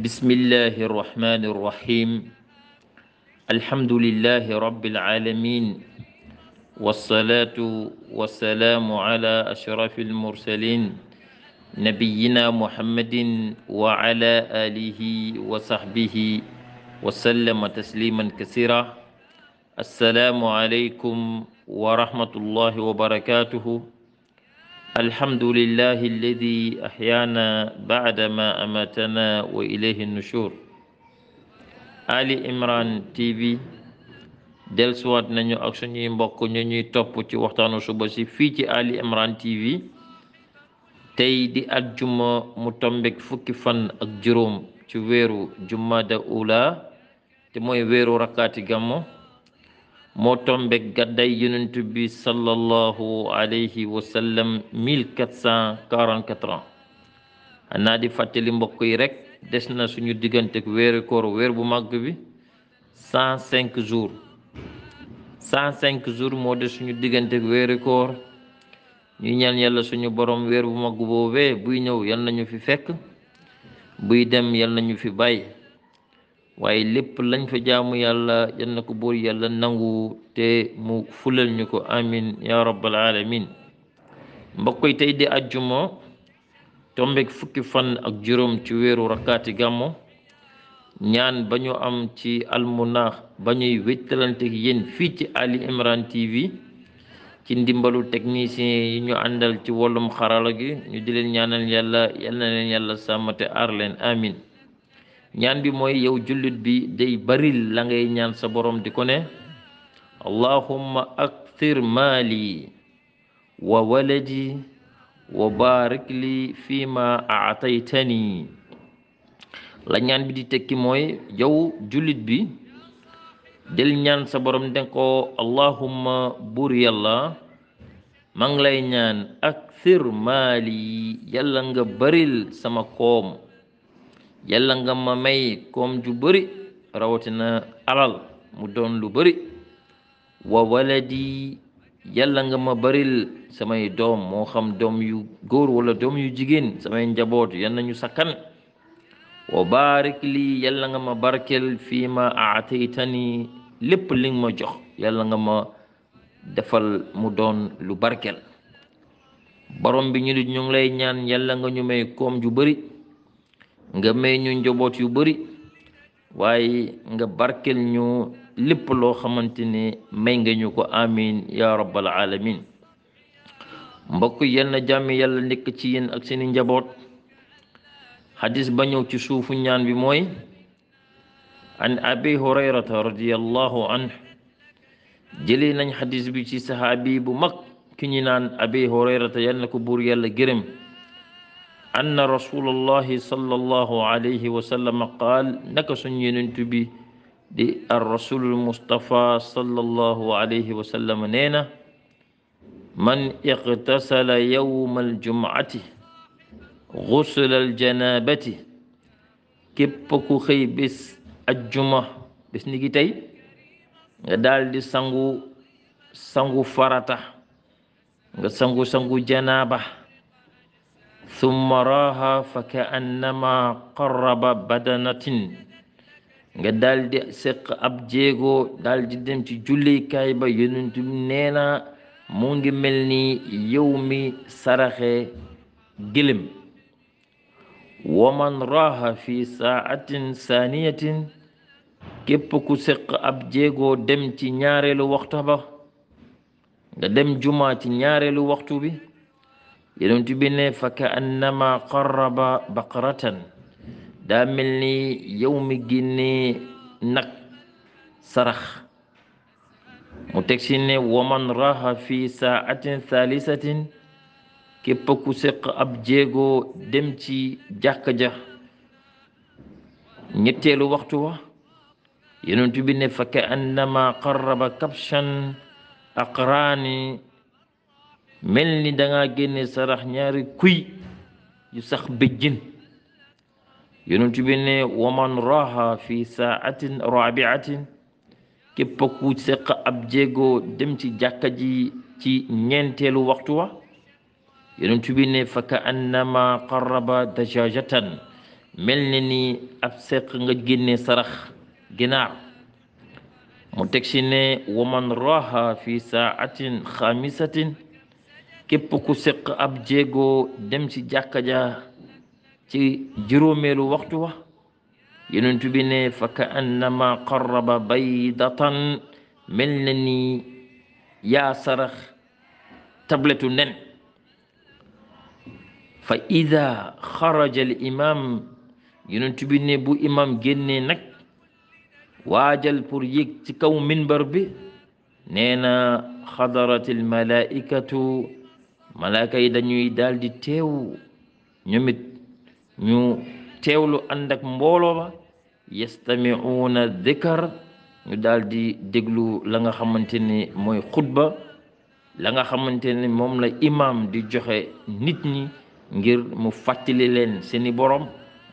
بسم الله الرحمن الرحيم الحمد لله رب العالمين والصلاة والسلام على أشرف المرسلين نبينا محمد وعلى آله وصحبه وسلم تسليما كثيرا السلام عليكم ورحمة الله وبركاته الحمد لله الذي أحيانا بعدما أماتنا وإليه النشور Ali Imran TV dellusiwaat nañu ak suñuy mbokk ñu ñuy topp ci waxtaanu suba si fii ci Ali Imran TV tey di àjjuma mu tombek fukki fan ak juróom ci weeru jumaada ula te mooy weeru rakkaati gammo moo tombe gàdday yonent bi sallallahu alayhi wa sallam mille anaa di fàttali mbokk yi rekk des na suñu diggante ak weeru weer bu màgg bi cent cinq jours cinq jours moo des suñu diggante ak weeru koor ñu ñaan yàlla suñu borom weer bu màgg boobee buy ñëw yal nañu fi fekk buy dem yal nañu fi bàyyi waaye lépp lañ fa jaamu yàlla yal na ko buur yàlla nangu te mu fulal ñu ko amin ya rabbal alamin mbokk yi tey di àjjuma tombeeg fukki fan ak juróom ci weeru rakkaati gàmmu ñaan ba ñu am ci almunaax ba ñuy wéttalanteeg yéen fii ci Ali Imran TV ci ndimbalu technicien yi ñu àndal ci wàllum xarala gi ñu di leen ñaanal yàlla yal na leen yàlla sàmmate aar leen amin ñaan bi mooy yow jullit bi day baril la ngay ñaan sa borom di ko ne allahumma akthir maali wa waladi wa barik li fi ma aataytani la ñaan bi di tekki mooy yow jullit bi del ñaan sa borom den ko allahumma buur yàlla maa lay ñaan akthir maali yàlla nga baril sama koom yàlla nga ma may koom ju bari rawatina alal mu doon lu bari wa waladi yàlla nga ma baril samay doom moo xam doom yu góor wala doom yu jigéen samay njaboot yal nañu sakkan wa barik lii nga ma barkel fii ma aataytani lépp li ma jox yàlla nga ma defal mu doon lu barkel borom bi ñu nit lay ñaan yàlla nga ñu may koom ju bëri nga may ñu njaboot yu bari waaye nga barkel ñu lépp loo xamante ne may nga ñu ko amin ya rabbal alamin mbokk yal na jàmm yàlla nekk ci yéen ak seeni njaboot xadis ba ñëw ci suufu ñaan bi mooy an abi hurayrata radiallahu anhu jëlee nañ xadis bi ci saxaabi bu mag ki ñu naan abi hurayrata yal na ko buur yàlla gërëm anna rasulallahi sallallahu alayhi wa sallam qaal naka suñ yenent bi di ar rasulul mustapha alayhi wa sallam man iqtasala yowma aljumcati gusla aljanabati képp ku xëy bis ajjuma bis ni gi nga daal di sangu sangu farata nga sangu sangu janaaba summa raaha fa kaannama qarraba badanatin nga daldi séq ab jéego daldi dem ci jullikaay ba yonent neena nee ngi mel ni yow mi saraxe gëlëm waman raaha fi saatin saaniyatin képp ku séq ab jeego dem ci ñaareelu waxtu ba nga dem juma ci ñaareelu waxtu bi yonent bi ne fa ka annama daa mel ni yow mi génne nag sarax mu teg ci ne waman raha fi saatin thalisatin képp ku séq ab jéego dem ci jàkka ja ñetteelu waxtu wa yonent bi ne fa ka annama mel ni danga génne sarax ñaari kuy yu sax béjjin yonentu bi ne waman raha fi saatin rabiatin képp ku seq ab jéego dem ci jàkka ji ci ñeenteelu waxtu wa yonentu bi ne fa ka annama qarraba dajajatan mel ni ni ab seq nga génne sarax ginaar mu teg ci ne waman raha fi saatin xamisatin képp ku séq ab jéego dem ci jàkka ja ci juróomeelu waxtu wa yonent bi ne fa ka annama qarraba mel na ni yaa sarax tabletu nen fa ida xaraja al imam yonent bi ne bu imam génnee nag waajal pour yéeg ci kaw minbar bi nee na al malaikatu malaaka yi dañuy daldi teewu teew ñoom it ñu teewlu ànd ak mbooloo ba yastamiuuna dikar ñu daal déglu la nga xamante ni mooy xutba la nga xamante ni moom la imaam di joxe nit ñi ngir mu fàttali leen seeni borom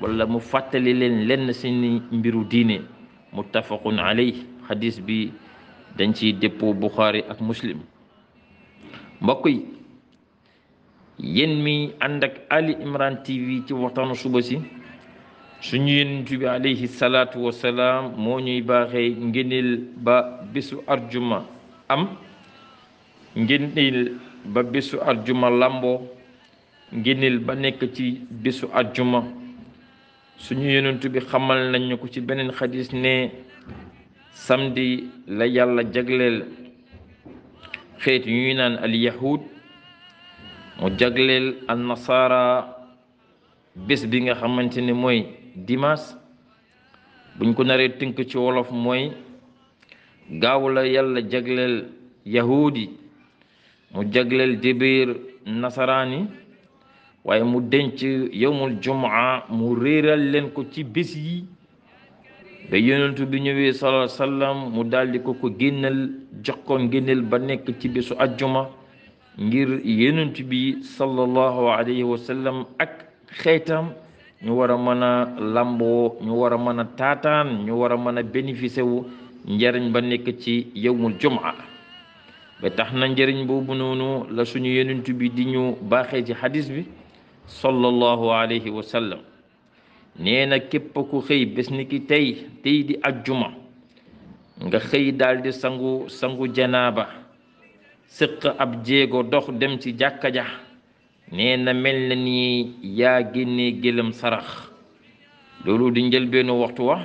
wala mu fàttali leen lenn seeni mbiru diine muttafaqun alayhi xadis bi dañ ciy dëppoo Buxaari ak Muslim mbokk yi yéen mi ànd ak Ali Imran TV ci waxtaanu suba si suñu yonent bi alayhi salaatu wa salaam moo ñuy baaxee ngëneel ba bésu arjuma am ngëneel ba bésu arjuma làmboo ngëneel ba nekk ci bésu arjuma suñu yonent bi xamal nañu ko ci beneen xadis ne samdi la yàlla jagleel xeet ñuy naan al yahud mu jagleel al nasaara bés bi nga xamante ne mooy dimanche buñ ko naree tënk ci wolof mooy gaaw la yàlla jagleel yahuudi mu jagleel dibir nasaraani waaye mu denc yowmul jumaa mu réeral leen ko ci bés yi ba yonentu bi ñëwee sallallahu alayhi sallam mu daldi ko ko génnal jox ko ngénneel ba nekk ci bésu ajjuma ngir yenent bi sallallahu alayhi wa ak xeetam ñu war a mën ñu war a mën a taataan ñu war a mën a bénéficié wu njariñ ba nekk ci yowmul jumaa ba tax na njariñ boobu noonu la suñu yenent bi di ñu baaxee ci xadis bi sallallahu alayhi wa sallam nee na képp ku xëy bés ni ki tey tey di ajjuma nga xëy daal di sangu sangu janaaba sëq ab jéego dox dem ci jàkka ja nee na mel na ni yaa génne gëlëm sarax loolu di njëlbeenu waxtu wa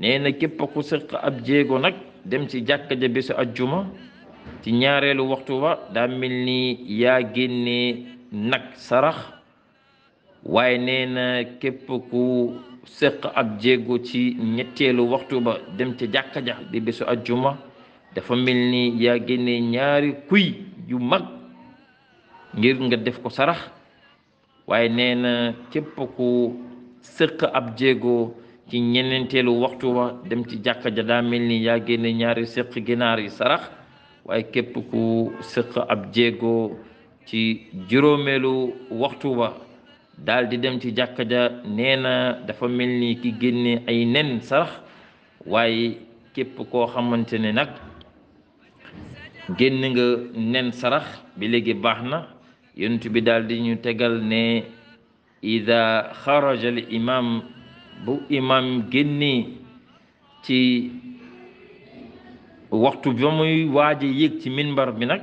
nee na képp ku sëq ab jéego nag dem ci jàkka ja bésu ajjuma ci ñaareelu waxtu wa daa mel ni yaa génne nag sarax waaye nee na képp ku sëq ab jéego ci ñetteelu waxtu ba dem ci jàkka ja di bésu ajjuma dafa mel ni yaa génne ñaari kuy yu mag ngir nga def ko sarax waaye nee na képp ku sëq ab jéego ci ñeneenteelu waxtu wa dem ci jàkka ja daa mel ni yaa génne sëq ginaar yi sarax waaye ku sëq ab jéego ci juróomeelu waxtu wa daal dem ci jàkka ja nee na dafa mel ni ki génne ay nen sarax waaye képp koo xamante ne nag génn nga nen sarax bi léegi baax na yonent bi daldi ñu tegal ne ida xaraja imam bu imam génni ci waxtu ba muy waaji yéeg ci minbar bi nag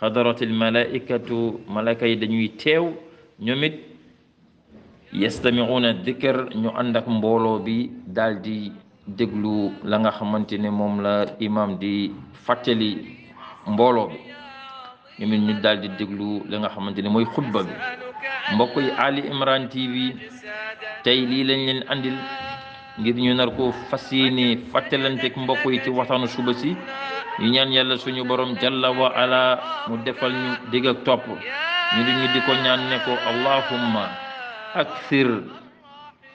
xadaratil malaikatu malaka yi dañuy teew ñoom it yastamiuuna ñu ànd mbooloo bi daldi di déglu la nga xamante ne moom la imam di fàttali mbooloo bi ñoom it ñu daal di déglu li nga xamante ne mooy xutba bi mbokk yi Ali Imran TV tey lii lañ leen andil ngir ñu nar ko fas yéene fàttalanteeg mbokk yi ci waxtaanu suba si ñu ñaan yàlla suñu borom jalla wa ala mu defal ñu dégg topp ñu di ñu di ko ñaan ne ko allahumma akthir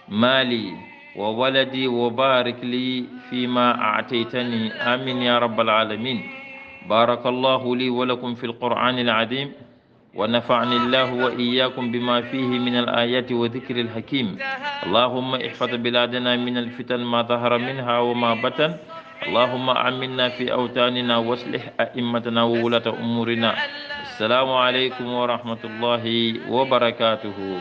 maali wa waladi wa barik lii fi aataytani amin ya rabbal alamin بارك الله لي ولكم في القرآن العظيم ونفعني الله وإياكم بما فيه من الآيات وذكر الحكيم اللهم احفظ بلادنا من الفتن ما ظهر منها وما بطن اللهم آمنا في أوطاننا واصلح أئمتنا وولاة أمورنا السلام عليكم ورحمة الله وبركاته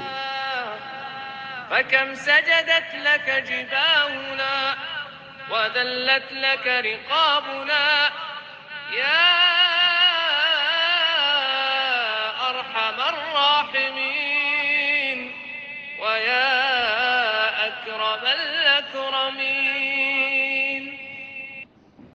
فكم سجدت لك جباهنا وذلت لك رقابنا يا